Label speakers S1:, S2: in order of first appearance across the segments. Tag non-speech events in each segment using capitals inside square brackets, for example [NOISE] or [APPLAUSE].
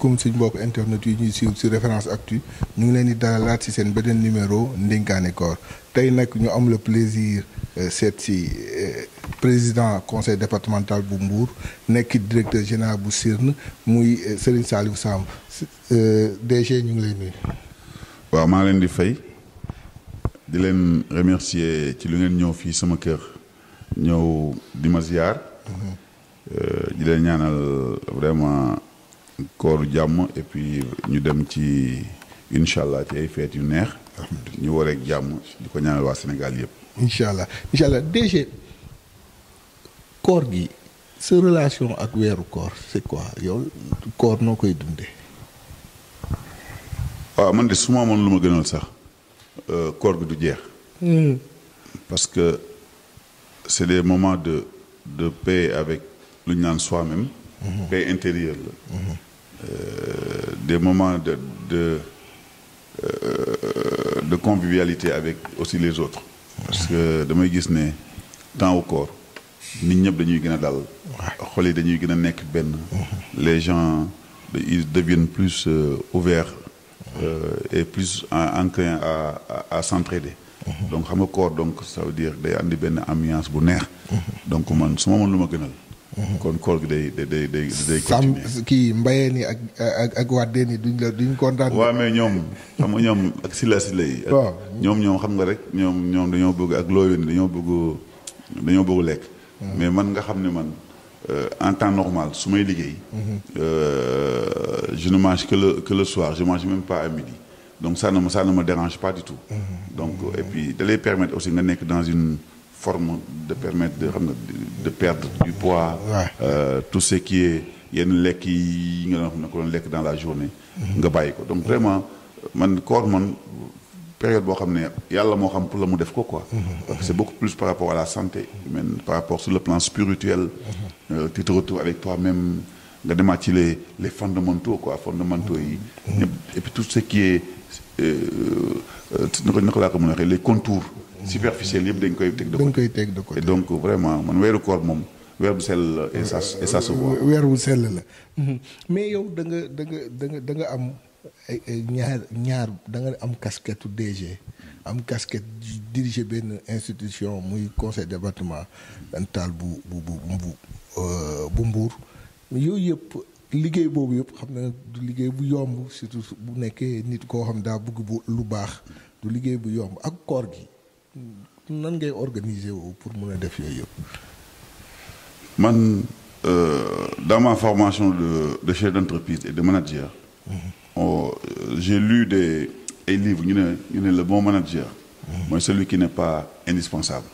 S1: comme suñ mbokk internet yi ñuy suivre sur référence actu ñu ngi leen di dalalaat si seen beneen numéro ndénkaane koor tey nag ñu am le plaisir euh, seet si euh, président conseil départemental bu Mbour nekk directeur général bu CIRN muy euh, Serigne Saliou Samb DG ñu ngi lay nuyu.
S2: waaw maa leen di fay di leen remercier ci lu ngeen ñëw fii sama kër ñëw di ma mhm. leen ñaanal kooru jàmm et puis ñu dem ci incha allah ci ay feet yu neex. ñu wareeg jàmm di ko ñaanal waa Sénégal yëpp. incha allah incha
S1: koor gi sa relation ak weeru koor c'est quoi yow koor
S2: noo koy dundee. waaw man de su ma amoon lu ma gënal sax euh, koor gi du jeex. Hmm. parce que c'est des moments de de paix avec lu ñu naan soi-même. Hmm. paix intérieure la. Hmm. Euh, des moments de de euh, de convivialité avec aussi les autres. parce que damay gis ne temps au corps nit ñëpp dañuy gën a dal. xol yi dañuy gën a nekk benn. Mm-hmm. les gens ils deviennent plus euh, ouverts. Mm-hmm. et plus enclins à à à s'entraider. Mm-hmm. donc xam nga corps donc ça veut dire day andi benn ambiance bu neex. donc man su ma mën lu ma gënal. kon koor gi day day day day. continuer sàmm kii mbayeen
S1: yi ak ak ak wàddeen yi duñ la duñ kontaan.
S2: waaw mais ñoom xam nga ñoom ak sila sila yi. waaw ñoom ñoom xam nga rek ñoom ñoom dañoo bëgg ak looyu ni dañoo bëgg dañoo bëgg lekk. Mm-hmm. mais man nga xam ne man euh, en temps normal su may liggéey. Mm-hmm. Euh, je ne mange que le que le soir je mange même pas à midi. donc ça ne ça ne me dérange pas du tout. Mm-hmm. donc et puis da lay permettre aussi nga nekk dans une. forme de permettre de xam nga de perdre du poids. Euh, tout ce qui est yenn lekk yi nga doon xam ne ko doon lekk dans la journée. Mhm. nga bàyyi ko donc vraiment man koor man période boo xam ne yàlla moo xam pour la mu def ko quoi. Mhm. c'est beaucoup plus par rapport à la santé humaine par rapport sur le plan spirituel. Mhm. Euh, tu avec toi-même nga demaat ci les les fondamentaux quoi fondamentaux yi. et puis tout ce qui est euh, euh, na ko laa ko mën a waxee les contours. superficielle yëpp dañ koy teg de côté dañ koy teg de côté. donc vraiment man weeru koor moom weer bu sell la et ça et
S1: weer bu sell la. mais yow da nga danga danga da nga da nga am ñaar ñaar da nga am casquette DG. am casquette diriger benn institution muy conseil départemental bu bu bu bu bu euh, Mbour. yooyu yëpp liggéey boobu yëpp xam na du liggéey bu yomb surtout bu nekkee nit koo xam daa bëgg bu lu baax du liggéey bu yomb ak koor gi. nan ngay organiser wu pour mën a def yooyu yëpp.
S2: man euh, dans ma formation de de chef d'entreprise et de manager. oh j'ai lu de ay livres ñu ne ñu ne le bon manager. Mm-hmm. mooy celui qui n'est pas indispensable.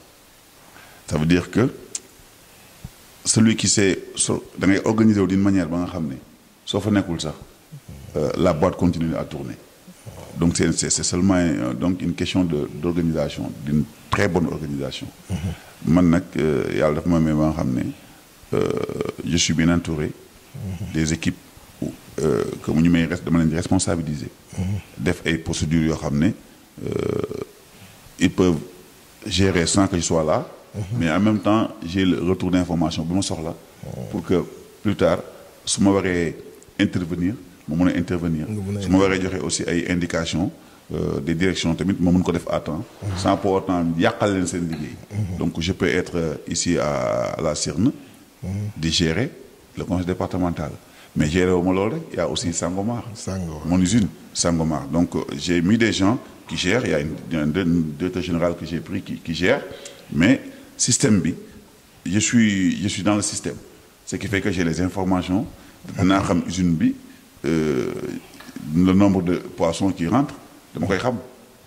S2: ça veut dire que celui qui sait so da ngay organiser wu d'une manière ba nga xam ne soo fa nekkul sax mm-hmm. euh, la boîte continuer à tourner. Donc c'est seulement euh, donc une question d'organisation, d'une très bonne organisation. Mm-hmm. Maintenant, euh, euh, je suis bien entouré mm-hmm. des équipes où, euh, que nous sommes responsabilisés. Mm-hmm. Des procédures, ils peuvent gérer sans que je sois là, mais en même temps, j'ai le retour d'information pour que plus tard, si je intervenir, ma mën a intervenir su ma waree joxe aussi ay indication euh, des directions tamit ma mën ko def à temps mhm. sans pour autant yàqal leen seen liggéey mhm. donc je peux être euh, ici à la Sirne mhm. di gérer le conseil départemental mais gérer wu ma loolu rek y a aussi Sangomar mon usine Sangomar donc euh, j'ai mis des gens qui gèrent il y directeur général que j'ai pris qui gère mais système bi je suis dans le système ce qui fait que j'ai les informations danaa xam usine bi Euh, le nombre de poissons qui rentrent dama koy xam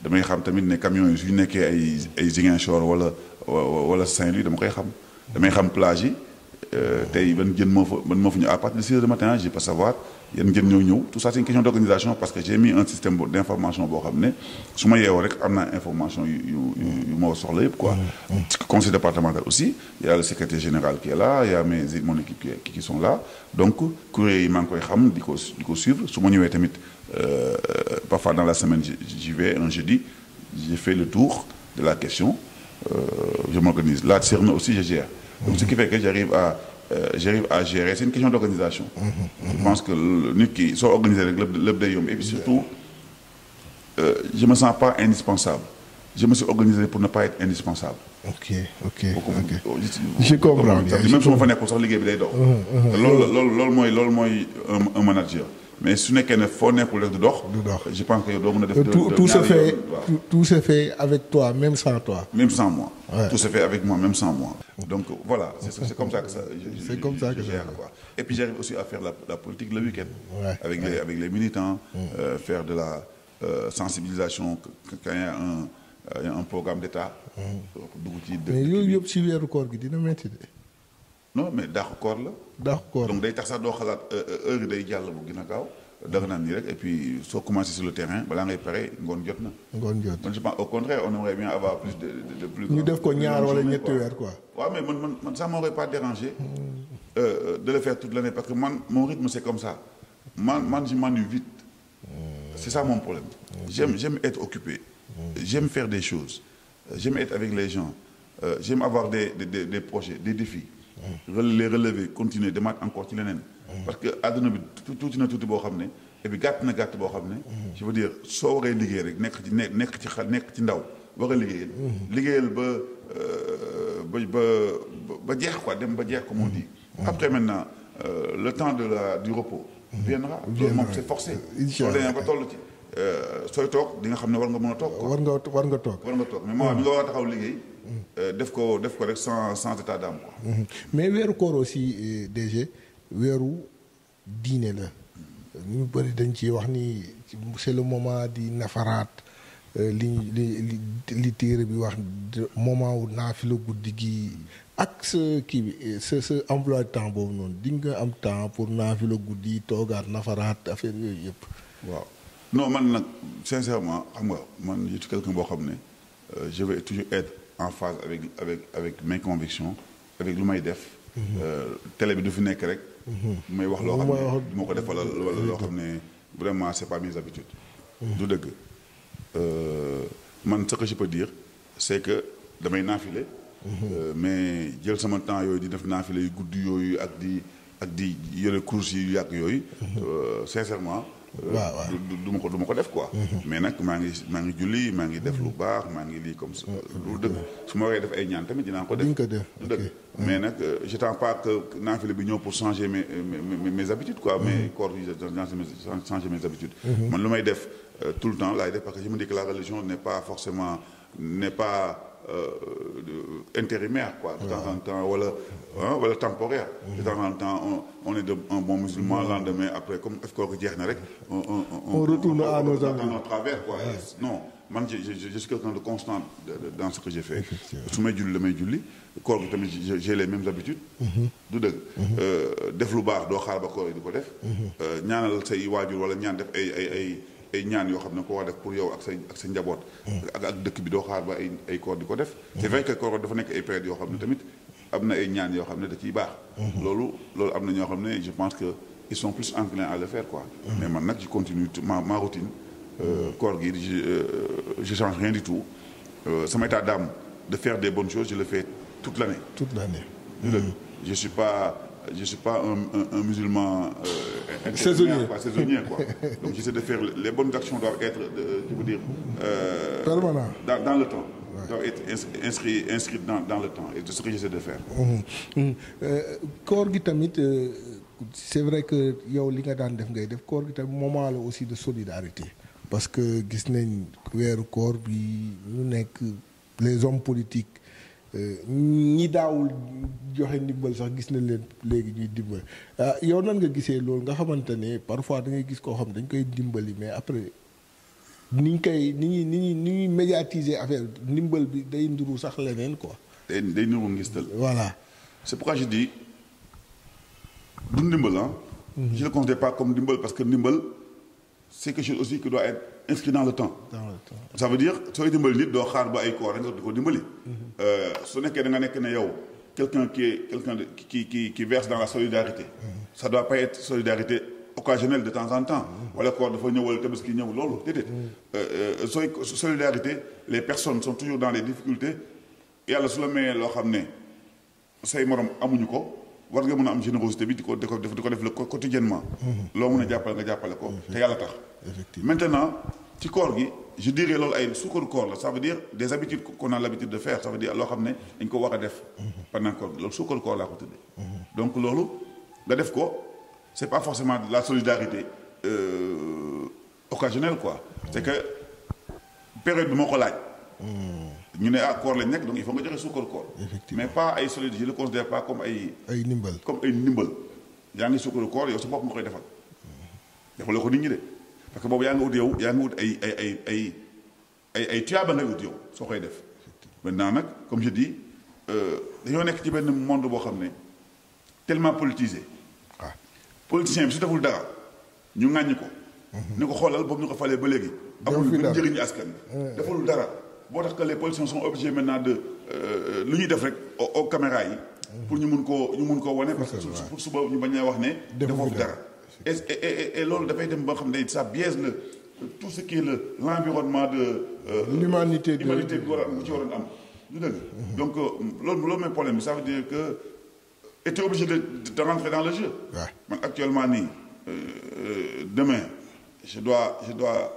S2: damay xam tamit ne camions yi su nekkee ay ay Ziguinchor wala wala Saint-Louis dama koy xam damay xam plage yi Euh, tey ban jën moo fa ban moo fa ñëw à partir de 6 heures du matin j'ai pas savoir yan jën ñoo ñëw tout ça c'est une question d'organisation parce que j'ai mis un système d'information boo xam ne su ma yeewoo rek am naa information yu yu yu ma soxla yëpp quoi. Mm, mm. conseil départemental aussi il y a général qui est là il y a mes mon équipe qui qui qui sont là donc kuréel yi maa ngi koy xam di ko di ko suivre su ma ñëwee tamit euh, parfois dans la semaine j'y vais un jeudi j'ai le tour de la question euh, je m'organise là Cerno aussi Donc, ce qui fait que j'arrive à euh, j'arrive à gérer c'est une question d'organisation. Mmh, mmh, mmh. Je pense que nit ki soo organisé rek lépp lépp day yomb et puis surtout euh, je me sens pas indispensable. je me suis organisé pour ne pas être indispensable. ok ok ok je comprends bien. même su ma fa nekkul sax liggéey bi day daw. loolu loolu loolu mooy loolu mooy un manager. mais su nekkee ne foo nekkul rek du dox. du dox je pense que yow doo mën a def. tout se fait
S1: tout se fait avec toi même sans toi.
S2: même sans moi. tout se fait avec moi même sans moi. donc voilà c' est [LAUGHS] comme ça que ça. c' est comme ça que je gère quoi j'arrive aussi à faire la la le week avec les avec mm. euh, faire de la euh, sensibilisation quand il y a un euh, un programme d' état. Mm. dugg ci mais
S1: yooyu yëpp si weeru koor gi dina métti
S2: non mais dàqu koor la. dàqu koor day tax sax doo euh, euh, day jàll bu gën a kaw dara naan nii rek et puis soo commencé sur le terrain balaa ngay pare ngoon jot na. ngoon jot man je pense au contraire on aimerait bien avoir plus de de plus. ñu def ko ñaar wala ñetti weer quoi. waaw mais man man man ça m'aurait pas hmm. euh, de le faire toute l'année parce que man mon rythme c'est comme ça man man je m'ennuie vite. Hmm. c'est ça mon problème. j'aime j'aime être occupé. Hmm. j'aime faire des choses. j'aime être avec les gens. j'aime avoir des des les relever continuer demaat encore ci leneen parce que àdduna bi tuuti na tuuti boo xam ne et puis gàtt na gàtt boo xam ne je soo waree liggéey rek nekk ci nekk ci xel nekk ci ndaw war a liggéeyal liggéeyal ba euh, ba ba ba jeex quoi dem ba jeex ko on di après maintenant euh, le temps de la du repos viendra loolu moom c'est forcé soo demee ba toll ci Euh, sooy toog di nga xam ne war nga mën a toog. war nga war nga toog. war nga toog mais moment bi nga war a taxaw mm-hmm. liggéey. Euh, def ko def ko rek sans sans état d'âme quoi.
S1: Mm-hmm. mais weeru koor aussi euh, DG weeru diine la. Mm-hmm. ñu bëri dañ ci wax ni c'est le moment di nafaraat li li li téere bi wax moment wu naafila guddi gi ak sa kii bi sa sa emploi temps boobu noonu di nga am temps pour naafila guddi toogaat nafaraat
S2: affaire yooyu yëpp waaw. non man nag sincèrement xam nga man je suis quelqu'un boo xam ne euh, je vais toujours être en phase avec avec avec mes avec lu may def. Mhm. Euh, télé bi du fi nekk rek. Mhm. may wax loo xam ne du ma ko def wala loo xam ne vraiment c'est pas mes habitudes. Mhm. du dëgg euh, man ce que je peux dire c'est que damay naafile. mais jël sama temps yooyu di def naafile yu gudd yooyu ak di ak di yëre course yu yàgg yooyu. sincèrement. waaw waaw du ma ko def ko def quoi. Mhm. mais nag maa ngi maa ngi julli maa ngi def lu baax maa ngi lii comme ça. du mm, mm, mm. ma waree def ay ñaan tamit dinaa ko def. ko def du dëgg mais nag euh, j'attends pas que naafile bi ñëw pour changer mes mes mes habitudes quoi. mais koor gi mm-hmm. man lu may def euh, tout le temps laay def parce que je me dis que la religion n'est pas forcément n'est pas. Euh, euh, intérimaire quoi. de temps en ah. temps wala wala temporaire. de temps en temps on on est de un bon musulman mm. lendemain après comme koor gi jeex na rek. on on on retourne à nos travers quoi non. man je je je suis de julli damay julli koor tamit j'ai les mêmes mm-hmm. du dëgg. Mm-hmm. Euh, def lu baax doo xaar ba koor yi di ko def. Mm-hmm. ñaanal say waajur wala ñaan def ay ay. ay ñaan yoo xam ne ko war def pour yow ak sa ak sa njaboot. Mm. ak ak dëkk bi doo xaar ba ay ay di ko def. Mm. c'est vrai que dafa nekk ay période yoo xam ne tamit am na ay ñaan yoo xam ne da ciy baax. Mm-hmm. loolu loolu am na ñoo xam ne je pense que ils sont plus enclins à le faire quoi. Mm. mais man nag je continue ma ma routine. Euh, koor gi je euh, je change rien du tout euh, sama état d'âme de faire des bonnes choses je le fais tout l'année. toute l'année. je suis pas. je suis pas un, musulman euh, saisonnier quoi, saisonnier quoi donc j'essaie de faire les bonnes actions doivent être je veux dire euh, permanent dans, le temps ouais. doivent être inscrit inscrit dans le temps et ce que j'essaie de faire
S1: euh, koor gi euh, c'est vrai que yow li nga daan def ngay def koor gi moment la aussi de solidarité parce que gis nañ weeru koor bi ñu nekk les hommes politiques Euh, ñi daawul joxe ndimbal sax gis na leen léegi ñuy dimbal ah, yow nan nga gisee loolu nga xamante ne parfois da ngay gis koo xam dañ koy dimbali mais après niñ koy ni ñuy ni ñuy ni ñuy médiatiser affaire ndimbal bi day nduru sax leneen ko
S2: day day voilà c'est pourquoi je du ndimbal ah. je le considère pas comme ndimbal parce que ndimbal. c'est quelque chose aussi qui doit être inscrit dans le temps. dans le temps ça veut dire sooy dimbali nit doo xaar ba ay koor rek nga di ko dimbali. Mm-hmm. Euh, su nekkee da nga nekk ne yow quelqu'un qui est quelqu'un qui qui qui verse dans la solidarité. Mm-hmm. ça doit pare être solidarité occasionnelle de temps en temps. Mm-hmm. wala koor dafa ñëwal wala ki ñëw loolu déedéet. Euh, euh, sooy solidarité les personnes sont toujours dans les difficultés yàlla su la mayee loo xam ne say morom amuñu ko. war nga mun a am générosité bi di ko di ko def di ko def le quotidiennement mhm. loo mën a jàppale nga jàppale ko te yàlla tax maintenant ci koor gi je dirais loolu ay sukkaru koor la ça veut loo xam ne dañ ko war a def mhm. pendant koor loolu sukkaru koor laa ko mhm. loolu nga def ko c'est pas forcément de la solidarité euh, occasionnelle quoi c'est que période bi moo ko laaj ñu ne ah koor lañ nekk donc il faut nga joxe suukar koor. mais pas ay solide je le considère pas comme ay. ay ndimbal comme ay ndimbal. yaa ngi suukaru koor yow sa bopp nga koy defal. defaloo ko nit ñi de parce que boobu yaa ngi ut yow yaa ngi ut ay ay ay ay ay ay tuyaaba ngay ut yow soo koy def. maintenant nag comme je dis euh, dañoo nekk ci benn monde boo xam ne tellement politisé. waaw ah. politicien bi su deful dara ñu ŋàññi ko. Mhm. ni ko xoolal boobu ñu ko falee ba léegi. amul benn njëriñ askan eh. defalul dara. boo tax que les politiciens sont obligés maintenant de euh, lu ñuy def rek au caméra yi. pour ñu mun koo ñu mun koo wane. parce que su suba ñu bañ a wax ne. defoo dara et et et loolu dafay dem ba xam ne ça biaise la tout ce qui est le l' environnement euh, de. l'humanité de l'humanité bi war a mu ci waroon am. du dëgg donc euh, loolu loolu mooy problème bi ça veut dire que était obligé de de rentrer dans le jeu. man actuellement nii demain. je dois je dois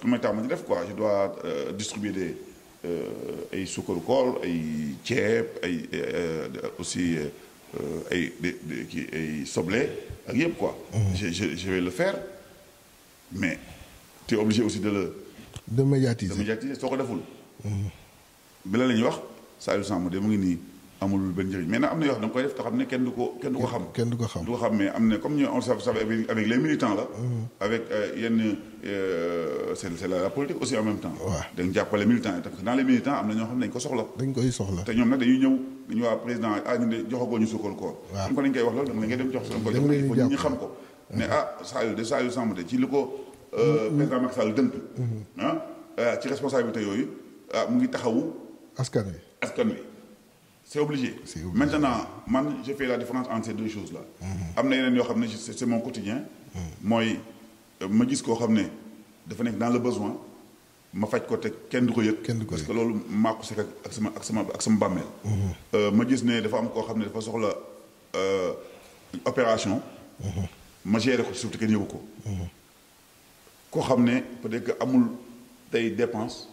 S2: ku may ma ci def quoi je dois euh, distribuer des euh, ay sukkaru kool ay ceeb ay euh, aussi ay kii ay soble ak yëpp quoi. Mm-hmm. je je je vais le faire mais tu es aussi de le.
S1: de médiatiser
S2: de médiatiser soo ko deful. Mm-hmm. bi la la ñuy wax Saalum Samb de mu ngi nii. amul benn njëriñ mais nag am na yoo xam ne da nga koy def te xam ne kenn du ko xam. kenn du ko xam mais am na comme ñu on savait avec les militants mm-hmm. euh, euh, la. avec yenn c' est la politique aussi en même temps. waaw da nga jàppale militants yi parce militants am na ñoo xam ne dañ ko soxla. dañ koy soxla te ñoom nag dañuy ñëw dañu waa président ah ñu de joxagoo ñu sukkal ko. waaw comme ko dañ koy saa yu de ci li ko. Euh, mm-hmm. Mm-hmm. président Macky Sall dënk. Ah, ci responsabilité yooyu ah, mu ngi taxawu. askan wi askan wi. c'est obligé. c'est maintenant man je fais la différence entre ces deux choses là. Mm-hmm. am na yeneen yoo xam ne c'est mon quotidien. Mm-hmm. mooy ma gis koo xam ne dafa nekk dans le besoin ma faj ko te kenn du ko yëg. kenn du ko yëg parce que loolu maa ko ak sama ak sama ak sama bàmmeel. Mm-hmm. Euh, ma gis ne dafa am koo xam ne dafa soxla euh, opération.
S1: ko
S2: ci suuf te kenn yëgu ko. koo xam ne peut-être que amul tey dépense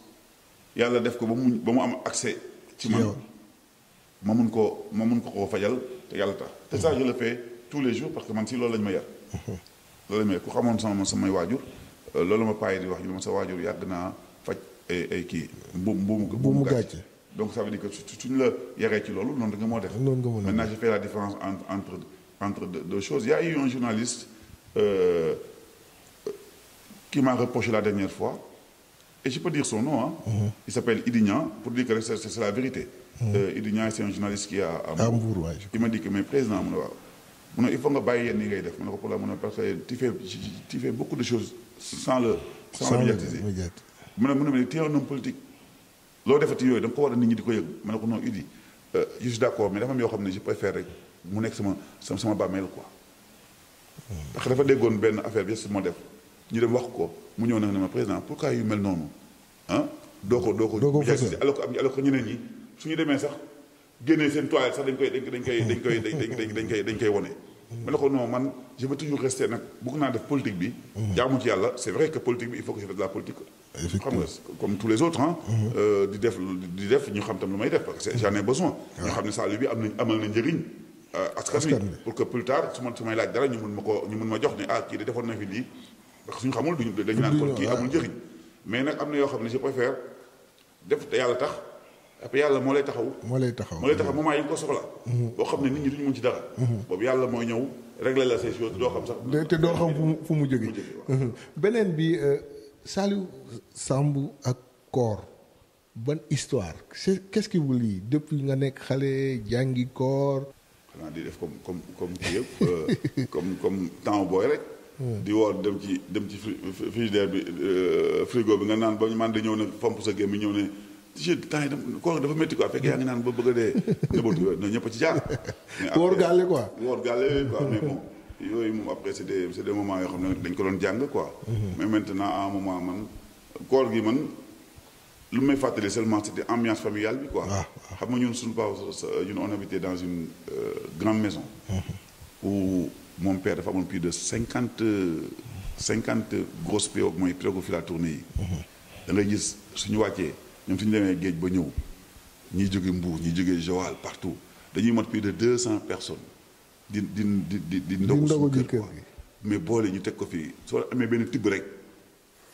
S2: yàlla def ko ba mu ba mu am accès. ci man ma mun koo ma mun ko koo fajal te yàlla tax te ça je le fais tous les jours parce que man si loolu lañ ma yar [LAUGHS] loolu la ñu ma yar ku xamoon samay waajur euh, loolu ma payi di wax ñu ma sa waajur yàgg naa faj ay ay kii mbu mbuumu mbuumu gàcce donc ça veut dire que ñu la yaree ci loolu noonu da nga moo def maintenant j'ai fait la différence entre entre entre deux choses il un journaliste euh, qui m'a la dernière fois et je peux dire son nom ah il s'appelle Idignan pour dire que Idi euh, Niang c'est un journaliste qui a à ah, m'a dit que mais président mu ne waaw mu ne il faut nga bàyyi yenn yi ngay def mu ne ko pour la mu ne parce que tu fais tu fais beaucoup loo defati yooyu da nga ko war a nit ñi di ko yëg ma ne ko non Idi euh, je suis d'accord mais dafa am yoo xam ne je préfère rek mu nekk sama sama sama bàmmeel quoi parce que dafa déggoon benn affaire bi ma def ñu dem wax ko mu ñëw nag ne ma président pourquoi yu mel noonu doo ko doo ko alors que alors que ñeneen ñi su ñu demee sax génnee seen toilette sax dañ koy dañ koy dañ koy dañ koy wone. ma ne ko non man naa def politique bi. jaamu ci yàlla c' est vrai que politique bi il xam nga comme euh, may def parce que j' en ai besoin. ñu xam ne Saloum bi am ko ñu mun ma jox ne ah kii de defoon na fi lii parce que suñu xamul duñu dañu naan kon kii amul njëriñ mais nag am na yoo xam ne je préfère def te yàlla tax. après yàlla moo lay taxaw. moo lay taxaw moo lay taxaw moment yi nga ko soxla. Mhm. boo xam ne nit ñi duñu mën ci dara. Mhm. boobu yàlla mooy ñëw régler la ces choses doo xam sax.
S1: te doo xam fu mu fu mu jógee. Mhm. beneen bi euh, Saliou Samb ak Koor ban histoire c'est qu'est-ce qui vous lie nga nekk xale jàngi Koor.
S2: xanaa di def comme comme comme kii yëpp euh, [LAUGHS] temps booy rek. Hmm. di woor dem ci dem ci frigidaire bi euh, frigo bi nga naan ba man di ñëw ne fomp sa gémmi ñëw ne. je temps yi dafa métti quoi fekk yaa ngi naan ba bëgg a dee njabootu yooyu ñëpp yooyu moom après c' est des c' est des moments ko doon jàng quoi. Mhm. mais maintenant à un moment man gi man lu may fàttali seulement c' était ambiance familiale ah, xam nga ñun suñu paaw euh, ñun on habitait dans une euh, mhm. cinquante cinquante grosses PO yi. Mhm. da gis suñu wàccee. ñoom suñu demee géej ba ñëw ñi jóge Mbour ñuy jóge Joal partout dañuy mot plus de deux cent personnes di di di di ndogu suñu kër mais boole ñu teg ko fii soo amee benn tibb rek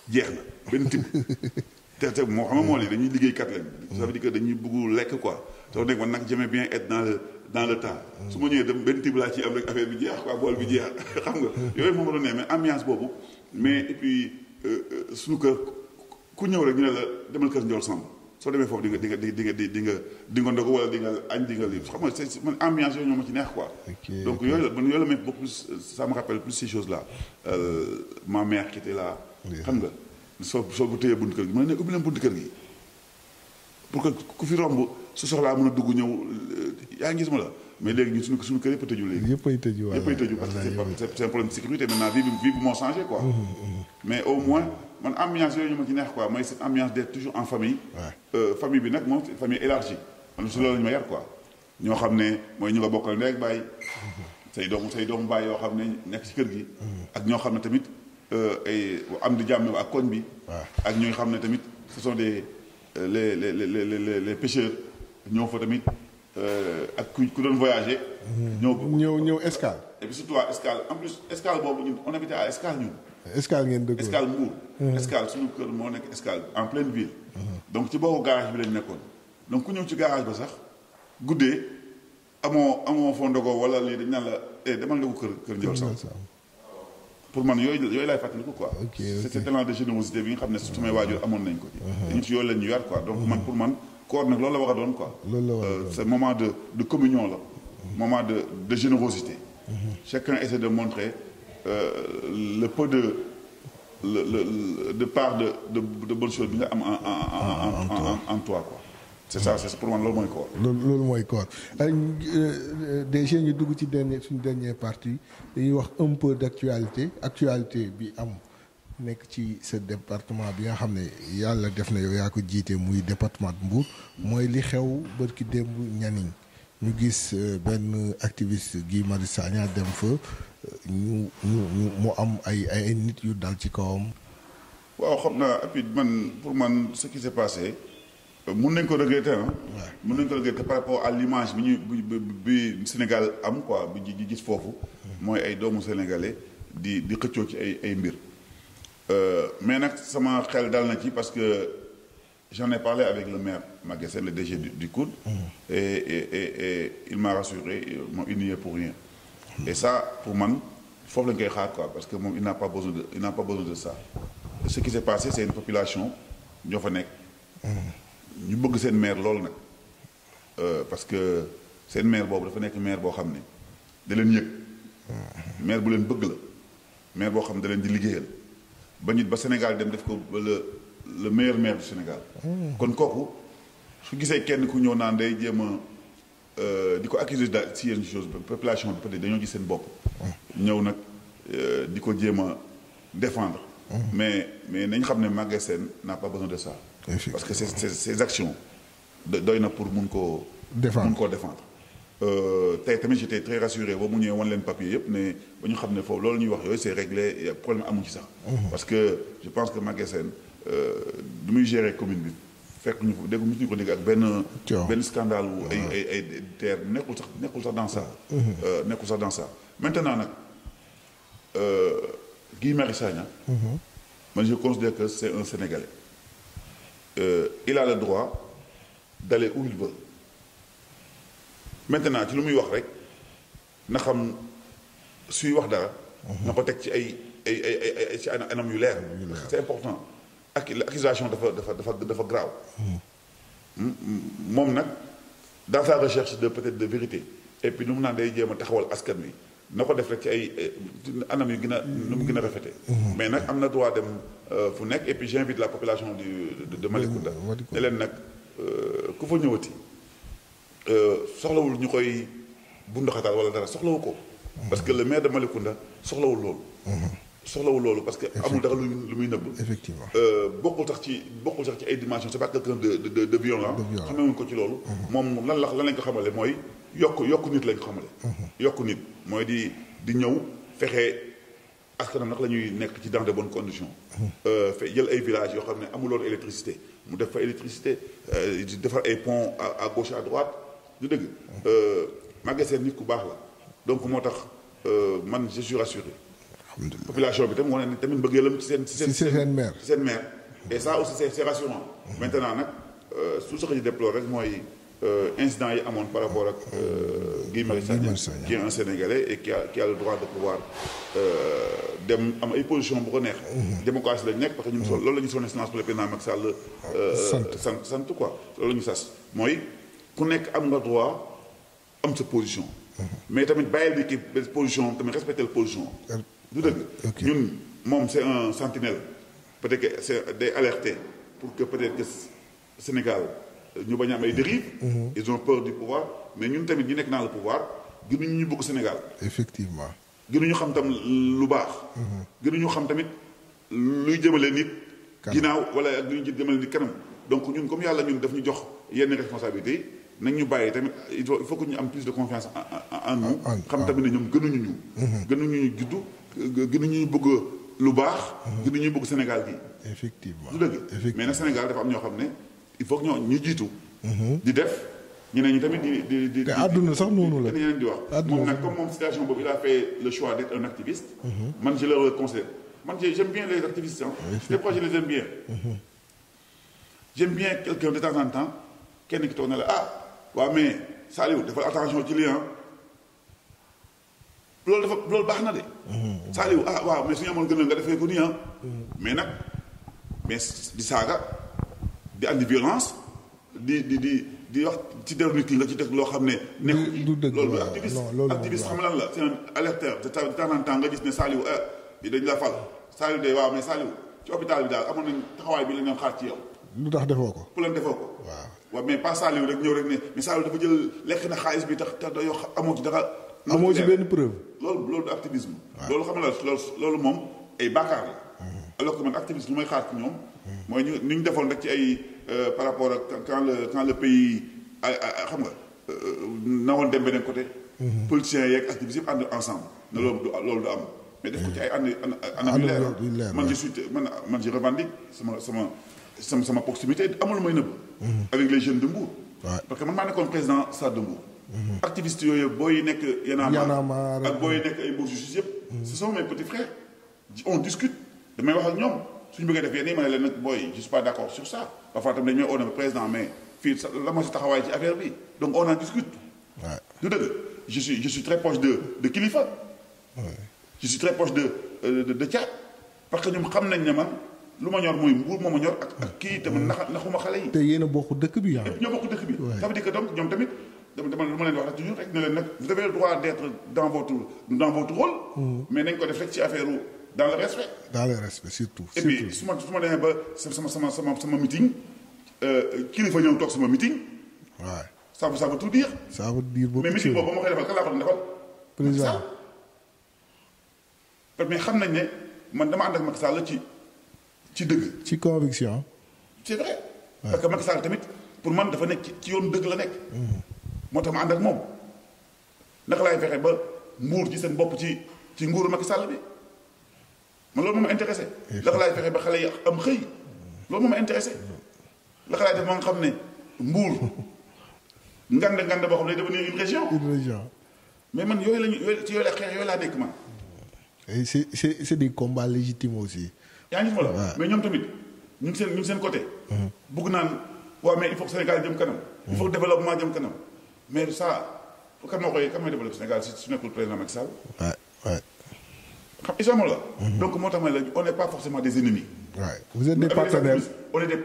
S2: jeex na benn tibb [LAUGHS] te te moo xam moo ne hmm. dañuy liggéeykat lañ. Hmm. ça veut dañuy bëgg lekk quoi. soo nekk man nag j'aimais bien être dans le dans le temps. Hmm. su ma ñëwee dem benn tibb laa ci am rek affaire bi jeex quoi bool bi jeex [LAUGHS] xam nga. yooyu moom la doon mais ambiance boobu mais et puis euh, euh, suñu kër. ku ñëw rek ñu ne la demal kër Ndiol Samb soo demee foofu di nga di nga di nga di nga di nga ndogu wala di nga añ di nga lii xam nga c'est man ambiance yooyu ñoo ma ci neex quoi. donc yooyu la man yooyu la euh, xam nga soo soo bu téyee buntu kër gi ma ne ubbi leen buntu kër gi. pour que ku fi romb su soxlaa mën a dugg ñëw euh, yaa ngis ma la. mais léegi ñun suñu suñu kër yëpp a tëju léegi. yëpp ay tëju waaw yëpp ay tëju parce que c'est un problème de sécurité maintenant vie bi vie bi moo changé quoi. mais au moins man ambiance yooyu ñu ma ci neex quoi mooy cette ambiance d'être toujours en famille. Euh, famille bi nag moom famille élargie man su loolu ñu ma yar quoi ñoo xam ne mooy ñu nga bokkal ndey ak baay say doomu say doomu baay yoo xam ne nekk ci kër gi. ak ñoo xam ne tamit euh, ay am di jàmm ak koñ bi. ak ñooy xam ne tamit ce sont des euh, les les les les les pêcheurs ñoo fa tamit. Euh, ak ku ku doon voyager. Mhm. ñëw ñëw ñëw Escale. et puis surtout waa Escale en plus Escale boobu ñun on habitait à Escale ñun. Escale bu dëgg mhm. Escale suñu kër moo nekk Escale en pleine ville. Mhm. donc ci boobu garage bi lañ nekkoon. donc ku ñëw ci garage ba sax guddee amoo amoo foo eh, de générosité xam ne su samay ah. amoon nañ ko. te ñun ci uh-huh. yooyu lañ ñu yar donc man uh-huh. pour man. koor nag loolu la war a doon quoi. loolu la war a euh, doon c'est moment de communion la. moment de de générosité. Mm-hmm. chacun essaie de montrer euh, le peu de le le de part de de de bonne chose bi nga am en ah, en en toi quoi. c'est ça c'est pour man loolu mooy koor.
S1: loolu loolu mooy koor déjà ñu dugg ci dernier suñu dernière partie dañuy wax un peu d'actualité actualité bi am. nekk ci sa département bi nga xam ne yàlla def na yow yaa ko jiite muy département de Mbour mooy li xew bërki démb ñaniñ ñu gis euh, benn gi Guy Marius Sagna dem fa euh, ñu ñu mu am ay ay nit yu dal ci kawam.
S2: waaw xam naa et man pour man ce qui s'est passé. Euh, mun nañ ko regretter ah. mun nañ ko regretter par rapport à bi ñu bi bi Sénégal am quoi bi gis foofu. Mm-hmm. mooy ay doomu sénégalais di di xëccoo ci ay ay mbir. Euh, mais nag sama xel dal na ci parce que j'en ai parlé avec le maire Maguette le DG du, du COUD. Mm. Et, et et et il m'a rassuré moom il n'y est pour rien. et ça pour man foofu lañ koy xaar quoi parce que moom il n'a pas besoin de il n'a pas besoin de ça. ce qui s'est passé c'est une population ñoo fa nekk. Mm. ñu bëgg seen maire loolu nag euh, parce que seen maire boobu dafa nekk maire boo xam ne daleen leen yëg. Mm. maire bu leen bëgg la maire boo xam ne da di liggéeyal. ba nit ba Sénégal dem def ko le le meilleur maire du Sénégal. kon kooku su gisee kenn ku ñëw naan day jéem a euh, di ko accuser daal si yenn chose population bi peut-être dañoo gis seen bopp. ñëw nag euh, di ko jéem a défendre. mais mais nañ xam ne Maguette seen naa pas besoin de ça. parce que ses ses actions doy na pour mun koo. défendre mun koo défendre. Euh, tey tamit j'étais très rassuré ba mu ñëwee wan leen papier yëpp ne ba ñu xam ne foofu loolu ñuy wax yooyu c'est réglé problème amu ci sax. Oh. parce que je pense que Maguette Sène euh, du muy gérer commune bi fekk ñu ko dégg mu ñu ko dégg ak benn. benn scandale wu ay ay ay terre nekkul sax nekkul sax dans euh, nekkul sax dans maintenant nag Guy Marius Sagna. Mm-hmm. man je considère que c'est un Sénégalais. il a droit d'aller où il veut. maintenant ci lu muy wax rek na xam suy wax dara. Mhm. na ko teg ci ay ay ay ay ci anam yu leer. c'est important ak l'accusation dafa dafa dafa dafa grave. Mhm. Mm, mm, moom nag dans sa recherche de peut-être de vérité et puis mu naan day jéem a taxawal askan wi na ko def rek ci ay eh, anam yu gën a nu mu gën a rafete mhm. mais nag am na droit dem euh, fu nekk et puis j'invite la population du de Malicounda ne leen nag euh, ku fa ñëwati. Euh, soxlawul ñu koy bundaxataal wala dara soxlawu ko. parce que le maire de Malicounda soxlawul loolu. soxlawul loolu parce que amul dara lu lu muy nëbb. effectivement euh, bokkul sax ci bokkul sax ci ay dimensions c'est pas quelqu'un de de de violent. ko ci loolu. Mhm. moom lan la lan lañ ko xamale mooy yokk yokk nit lañ ko xamale. Mhm. yokk nit mooy di di ñëw fexe askanam nag la ñuy nekk ci dans de bonnes conditions. Mhm. Euh, fe jël ay villages yoo xam ne amuloon électricité mu def fa électricité di defar ay ponts à à gauche droite. du dëgg euh, magasin nit ku baax la donc moo tax euh, man je suis rassuré. alhamdulilah population bi tam wane ne tamit mbëggeelam ci seen. ci seen ci seen maire ci seen maire. et ça aussi c'est c'est rassurant. maintenant nag euh, su sa ñu déplore rek mooy incident yi amoon par rapport ak. Guy Marius Sagna qui est un Sénégalais et qui a qui a le droit de pouvoir dem am ay position bu ko neex. Mhm. démocratie lañ nekk parce que ñun. Mhm. loolu la ñu son excellence pour le président Macky Sall. sant sant quoi loolu la ñu sas mooy. ku nekk am nga droit am sa position. Mhm. mais tamit bàyyil ni ki position tamit respecté la position. du dëgg ñun moom c'est un sentinelle. peut-être que c'est day alerté pour que peut-être Sénégal ñu bañ am ay dérives. Mhm. ils ont peur du pouvoir mais ñun tamit ñu nekk naa le pouvoir gënuñu ñu bëgg Sénégal.
S1: effectivement.
S2: gënuñu xam tam lu baax. Mhm. gënuñu xam tamit luy jëmale nit. ginnaaw wala ak luy jëmale nit kanam donc ñun comme yàlla ñun daf ñu jox yenn responsabilités yi. nañ ñu bàyyi tamit il faut que ñu am plus de confiance en en nous. xam tamit ne ñoom gënuñu ñu. Mhm. gënuñu ñu juddu gënuñu ñu bëgg lu baax. Mhm. gënuñu ñu bëgg Sénégal gi. effectivement lu dëgg mais nag Sénégal dafa am ñoo xam ne il faut que ñoo ñu jiitu. Mhm. di def ñeneen ñi tamit di di di. te àdduna sax noonu la ñeneen di wax. moom nag comme moom situation boobu il a fait le choix d' être un activiste. man je le conseille man j'aime bien les activistes ah. les projets je les aime bien. j'aime kenn ki toog na la ah. waaw mais Saliou defal attention ci lii loolu dafa loolu baax na de. Hmm. Saliou ah waaw mais suñu amoon gën a nga defee ko nii ah. Hmm. mais nag mais di saaga di andi violence di di di di wax ci deru nit ki nga ci teg loo xam ne. nekk du dëgg loolu activiste activiste xam lan la c'est un alerteur de temps en temps nga gis ne Saliou ah dañ la fal Saliou de waaw mais Saliou ci hôpital bi daal amoon nañ taxawaay bi la ñu xaar ci yow.
S1: lu tax defoo ko.
S2: pour leen defoo ko waaw mais pas Saliou rek ñëw rek ne mais Saliou dafa jël lekk na xaalis bi tax tax dayoo amoo ci dara. moo ci benn preuve. loolu loolu du activisme. loolu xam nga loolu loolu moom ay bàkkaar la. Mm-hmm. alors que man lu may xaar ci ñoom. Mm-hmm. mooy ñu ni ñu defoon rek ci ay euh, par rapport ak quand le quand le pays xam nga euh, nawoon dem beneen côté. Mm-hmm. politiciens yeeg activistes yëpp ànd ensemble. ne loolu du loolu du am. mais def ko ci ay ànd. ànd yu leer man je suis man man je revendique sama sama. sama sama proximité amul may nëbb mhm. avec les jeunes de parce que man maa nekkoon président Stade de Mbour mhm. activiste yooyu booy nekk Y'en a marre ak booy nekk ay Mbour Justice yëpp mhm. ce sont mes petits frères on discute damay wax ak ñoom su bëggee def yenn yi ma ne leen nag booy je suis pas d' accord sur ça parfois tam dañu may oo na président mais fii la ma si taxawaay ci affaire bi donc on en discute du dëgg je suis très proche de de kilifa euh, parce que ñoom xam nañ ne lu ma ñor mooy mbuur moo ma ñor ak ak kii dama naxa naxuma xale yi. te
S1: yéen a bokk dëkk bi yaa ñoo bokk dëkk bi. ça
S2: veut dire que donc ñoom tamit dama dama lu ma leen di wax rek toujours rek ne leen nag vous avez le mm. mais nañ ko def rek ci affaire dans le respect.
S1: dans le respect surtout. surtout et
S2: puis su ma su ma demee ba sama sama sama sama meeting euh, kilifa ñëw toog sama meeting. waaw ça veut ça veut tout dire. ça veut dire boobu mais meeting boobu ma koy defal kan laa ko doon mais xam nañ ne man dama ànd ak Macky Sall ci. ci dëgg.
S1: ci conviction.
S2: ci vrai. parce que Macky Sall tamit pour man dafa nekk ci yoon dëgg la nekk. Mm. moo tax ma ànd ak moom naka laay fexe ba mbuur ci seen bopp ci ci nguuru Macky Sall bi man loolu moo ma intéressé. naka laay fexe ba xale yi am xëy loolu moo ma intéressé mm. naka laay def ba nga xam ne nguur ngand [LAUGHS] ngand boo xam ne devenir une région. une région. mais man yooyu la yooyu ci yooyu la xeex yooyu laa nekk man.
S1: c'est c'est c'est des combats légitimes
S2: yaa ngi si la mais ñoom tamit ñun seen ñun seen côté. Mm-hmm. bëgg naan waaw mais il faut que Sénégal jëm kanam. il faut que mm-hmm. développement jëm kanam mais ça kan moo koy kan mooy développé Sénégal su nekkul président Macky Sall. waay waay. xam isa la. Mm-hmm. donc moo tax ma la on n' est pas forcément des ennemis. waay vous êtes des partenaires on est des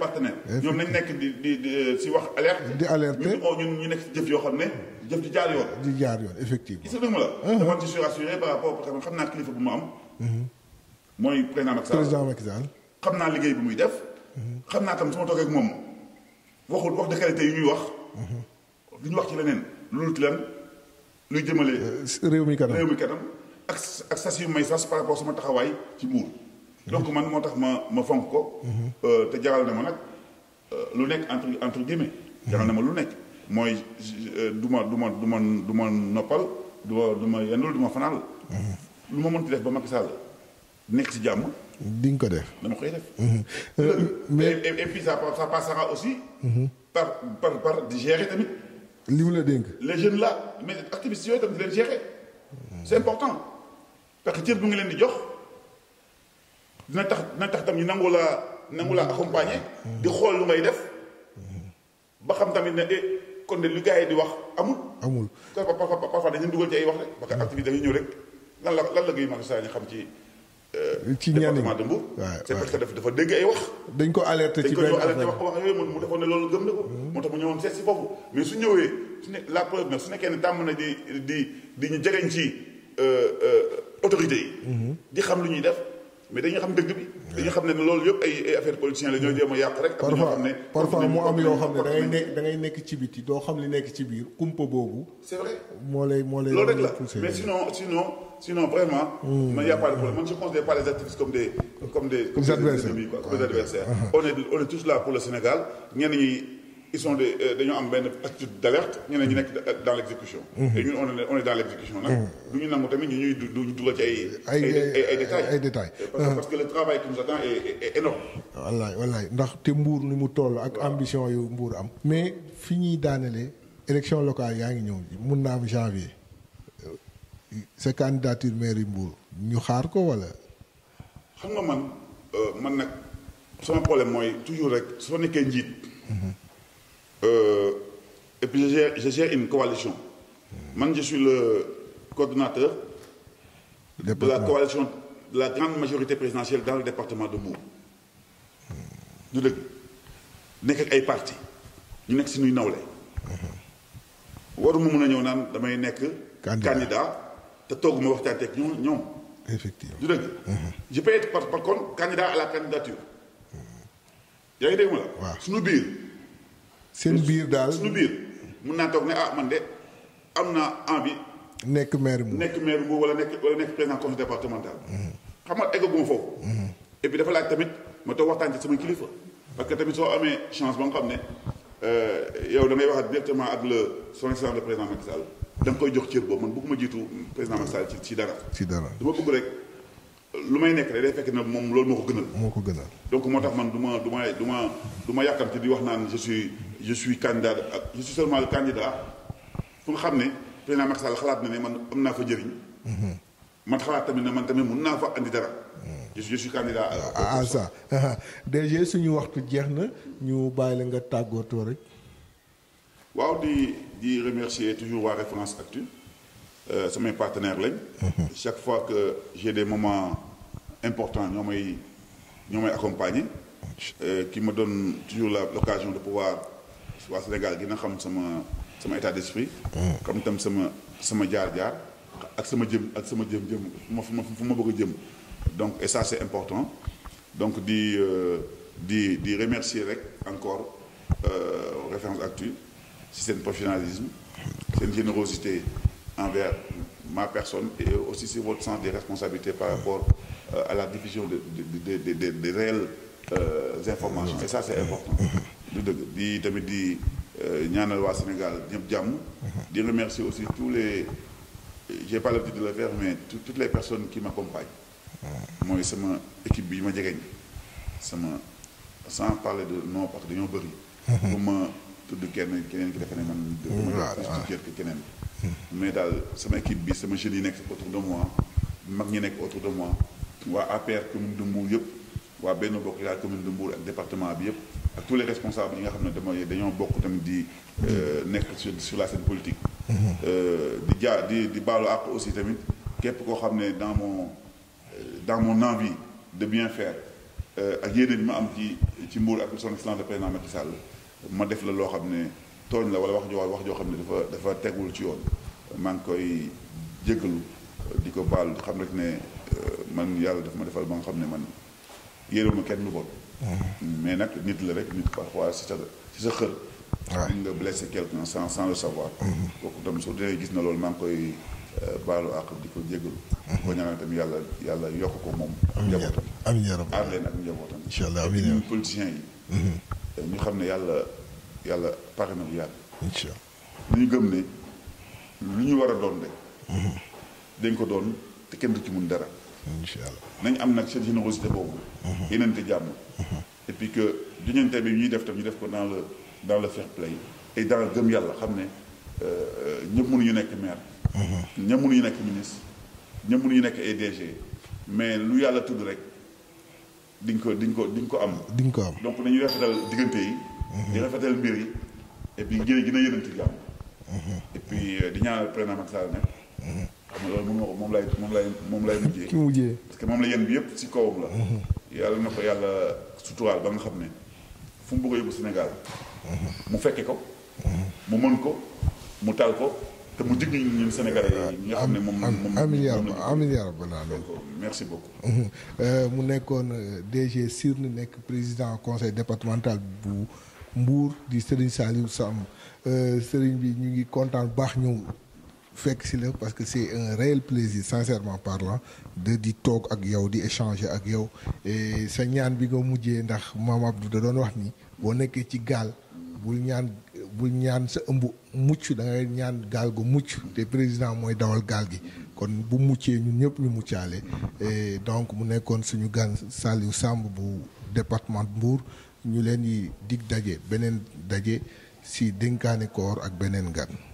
S2: ñoom nañ nekk di di di si wax alerte. di alerte ñu oh, ñu nekk jëf yoo xam ne. jëf di jaar yoon. di jaar yoon effectivement. isa dëgg xam naa kilifa bu ma mooy président Macky Sall président xam naa liggéey bi muy def. xam naa tam su ma toogee ak moom waxul wax de yu ñuy wax. lu ñu wax ci leneen loolu ci lan luy jëmale. Euh,
S1: réew mi kanam réew mi
S2: ak ak sas yu may sas par rapport sama taxawaay ci mbuur donc man moo tax ma ma fonk ko. Mhm. Euh, te jaral na ma nag euh, lu nekk entre entre guillemets. jaral na ma lu nekk mooy du ma du ma du ma du ma noppal du ma du ma yendul du ma fanaal.
S1: Mhm.
S2: lu ma mënti def ba Macky Sall nekk ci jàmm.
S1: di ko def. dama koy def. Mhm. Euh,
S2: mais et puis ça aussi. Mhm. par par par di gérer tamit. li mu la dénk. les jeunes la mais activistes yooyu tamit di leen gérer. Mhm. important parce que cër bu nga leen di jox dina tax dina tax tam ñu nangu laa nangu laa accompagner. di xool lu ngay def. ba xam tamit ne eh kon de lu gars yi di wax amul. amul parfois parfois dañu dugal ci ay wax rek. parce que activité dañuy ñëw rek lan la lan la Guy Marius Sagna xam ci. Euh, ci ñenn ñi département de Mbour. c'est dafa dégg ay wax. dañ ko alerté ci dañ ko ñëw alerté wax ko wax yooyu mu defoon ne loolu gëm na ko. Mm-hmm. moo tax mu ñëwoon seet si foofu mais su ñëwee su ne la nag su nekkee ne tàmm na di di di ñu jegeñ ci euh, euh, autorités yi. Mm-hmm. di xam lu ñuy def mais dañuy xam dëgg bi. li xam ne loolu yëpp ay ay affaire politicien la ñoo jéem rek. am ñoo xam ne parfois mu am yoo xam ne da nekk
S1: da ngay nekk ci biti doo xam li nekk ci biir kumpa boobu. c'est vrai moo lay moo lay. loolu rek la mais sinon
S2: sinon sinon vraiment. Hmm. man y a pas de man je considère pas les activistes comme des. comme des comme des ennemis quoi comme des [LAUGHS] tous là pour le Sénégal ñenn ñi. ils euh, dañoo am benn attitude d' alerte ñeneen ñi nekk euh, dans l' mhm. dans l' exécution mhm. ñu nangu tamit ñu ñuy du ñu dugal ci ay. ay ay parce que le travail qui nous attend est énorme.
S1: wallaay wallaay ndax te mbuur nu mu toll ak ambition yu mbuur am. mais fi ñuy daaneele élection locale yaa ngi ñëw mun naa am janvier sa candidature mairie mbuur ñu xaar ko wala.
S2: xam nga man euh, man nag sama problème mooy toujours rek soo nekkee njiit. Mhm. Euh, je gère, je une coalition. Man, je suis le coordinateur le de la coalition de la grande majorité présidentielle dans le département de Mbour. du dëgg nekk ak ay parti ñu nekk si ñuy nawle. waruma mun a ñëw naan damay nekk. candidat te toog ma waxtaanee ak ñoom ñoom. effectivement du dëgg. Mhm. je peux être par par contre candidat à la candidature. Mhm. yaa ngi dégg la. waaw suñu biir. seen biir daal suñu biir mun naa toog ne ah man de am na envie.
S1: nekk maire mu
S2: nekk maire mu wala nekk wala nekk président conseil départemental. Mhm. xam nga eggaguma foofu. Mhm. et dafa laaj tamit ma toog waxtaan ci sama kilifa. parce que tamit amee chance xam ne euh, yow da ngay waxaat directement ak le son excellence le président Macky Sall da nga koy jox cër boobu man bëgguma jiitu président Macky ci dara. ci dara dama bëgg rek lu may nekk rek day fekk na moom loolu moo ko gënal. moo ko gënal donc moo tax man du ma du ma du ma du ma di wax naan je suis. je suis candidat je suis seulement le candidat pour xam ne président Macky xalaat na ne man am naa fa jëriñ mhm. man xalaat tamit ne man tamit mun naa fa andi dara. Mhm. je suis je suis candidat à ah, ah,
S1: ça [LAUGHS] DG suñu waxtu jeex na ñu bàyyi la nga tàggootoo rek.
S2: waaw di di remercier toujours waa référence actu euh, samay partenaires lañ. Mhm. chaque fois que j'ai des moments importants ñoo may ñoo may accompagner. Euh, qui me donne toujours l'occasion de pouvoir. waa Sénégal gën a xam sama sama état d'esprit. comme tam sama sama jaar-jaar ak sama jëm ak sama jëm jëm fu ma fu bëgg jëm donc et ça c'est important donc di euh, di di remercier rek encore euh, Référence Actu si seen professionnalisme seen générosité envers ma personne et aussi sur votre sens des responsabilités par rapport euh, à la diffusion des des des des réelles informations et ça c'est important. du dëgg di tamit di euh, ñaanal waa Sénégal ñëpp jàmm. Mhm. di remercier aussi tous les j'ai pas l'habitude de le faire mais toutes les personnes qui m'accompagnent. Mhm. mooy sama équipe bi ma jegeñ sama san parler de non parce dañoo bëri. bu mhm. ma tudd kenn keneen ki defe ne man. waaw waaw ci keneen. mais daal sama équipe bi sama jeunes yi nekk autour de moi mag ñi nekk autour de moi waa APR commune du Mbour yëpp waa benn bokk yaa commune de Mbour ak département bi yëpp. ak tous les responsables yi nga xam ne damay dañoo bokk tamit di euh, nekk sur la scène politique. Mm-hmm. Euh, di jaar di di baalu àq aussi tamit képp koo xam ne dans mon euh, dans mon envie de bien fair ak yéene bi ma am ci ci Mbour ak son excellence le président Macky Sall ma def la loo xam ne tooñ la wala wax joo wax joo xam ne dafa dafa tegul ci yoon maa ngi koy jéggalu di ko baal xam rek ne man yàlla daf ma defal ba nga xam ne man. yërëmu kenn lu bon. mais nag nit la rek nit parfois si sa si sa xër. waaw nga blessé quelqu'un sans sans le savoir. Mm-hmm. kooku tam soo dee gis na loolu maa koy euh, baalu àq di ko jégalu. Mm-hmm. di ko ñaanal yàlla yàlla yokk ko moom. ak njabootam amiin yaa rabbi aar leen ak njabootam. Mm-hmm. Euh, xam ne yàlla yàlla pare na bu yàgg. incha allah ñu gëm ne lu ñu war a doon de. dañ ko doon te kenn du ci mun dara. incha allah nañ am nag cette générosité boobu. Mhm. yéenante jàmm. Mhm. et puis que diggante bi ñuy def tam ñu def ko dans le dans le fair play et dans gëm yàlla xam ne euh, euh, ñëpp mënuñu nekk maire. Mhm. ñëpp mënuñu nekk ministre ñëpp mënuñu nekk EDG mais lu yàlla tudd rek di ko di ko di ko am. di ko am donc nañu rafetal diggante yi. di rafetal mbir yi et puis gën a gën jàmm. et puis euh, di ñaanal président Macky Sall ne xam nga loolu moom moom lay moom lay moom lay mujjee. ki moom la yéen bi yëpp si kawam la. Mhm. yàlla na ko yàlla suturaal ba nga xam ne fu mu bëgg a yóbbu Sénégal. mu fekke ko. mu mën ko mu tal ko te mu digg ñun Sénégalais yi moom. moom
S1: amiin yaa
S2: rabbal aalamiin merci beaucoup.
S1: Mhm. Euh, mu nekkoon euh, DG Sirn nekk président conseil départemental bu mbuur di Serigne Saliou Sam euh, Serigne bi ñu ngi kontaan baax ñëw. fekk si la parce que c'est un réel plaisir sincèrement parlant de di toog ak yow di échanger ak yow et sa ñaan bi nga mujjee ndax maam Abdou da doon wax ni boo nekkee ci gaal bul ñaan bul ñaan sa ëmb mucc da ñaan gaal gu mucc te président mooy dawal gaal gi kon bu muccee ñun ñëpp ñu muccaale et donc mu nekkoon suñu gan Saliou Samb bu département Mbour ñu leen di dig daje beneen daje si dénkaane koor ak beneen gan